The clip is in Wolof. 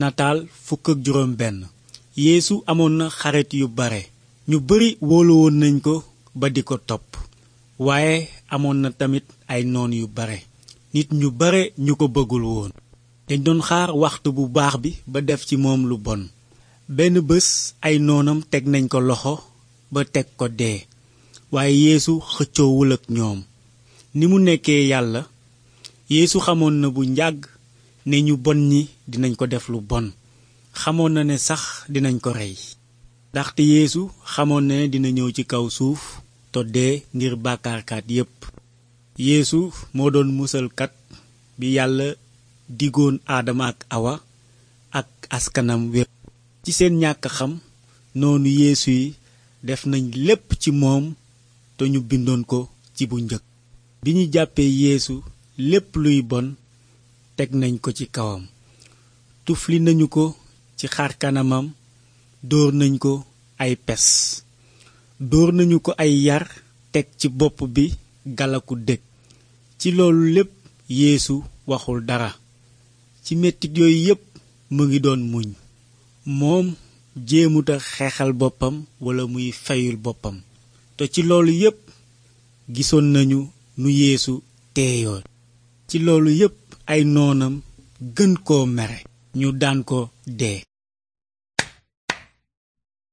nataal fukk ak juróom amoon na xarit yu bare ñu bari wóolu nañ ko ba di ko topp waaye amoon na tamit ay noon yu bare nit ñu bare ñu ko bëggul woon dañ doon xaar waxtu bu baax bi ba def ci moom lu bon benn bés ay noonam teg nañ ko loxo ba teg ko dee waaye yeesu xëccoowul ak ñoom ni mu nekkee yàlla yéesu xamoon na bu njàgg ne ñu bon ñi dinañ ko def lu bon xamoon na ne sax dinañ ko rey ndaxte yéesu xamoon na ne dina ñëw ci kaw suuf to dee ngir bàkkaarkat yépp yéesu moo doon musalkat bi yàlla digoon aadama ak awa ak askanam wépp ci seen ñàkk xam noonu yéesu yi def nañ lépp ci moom te ñu bindoon ko ci bu njëkk bi ñu jàppee yéesu lépp luy bon teg nañ ko ci kawam tufli nañu ko ci xar kanamam dóor nañ ko ay pes dóor nañu ko ay yar teg ci bopp bi galaku dëkk ci loolu lépp yéesu waxul dara ci mettit yooyu yépp mu ngi doon muñ moom jéemuta xeexal boppam walla muy feyul boppam te ci loolu yépp gisoon nañu nu yéesu teeyoon ci loolu yépp ay noonam gën koo mere ñu daan ko dee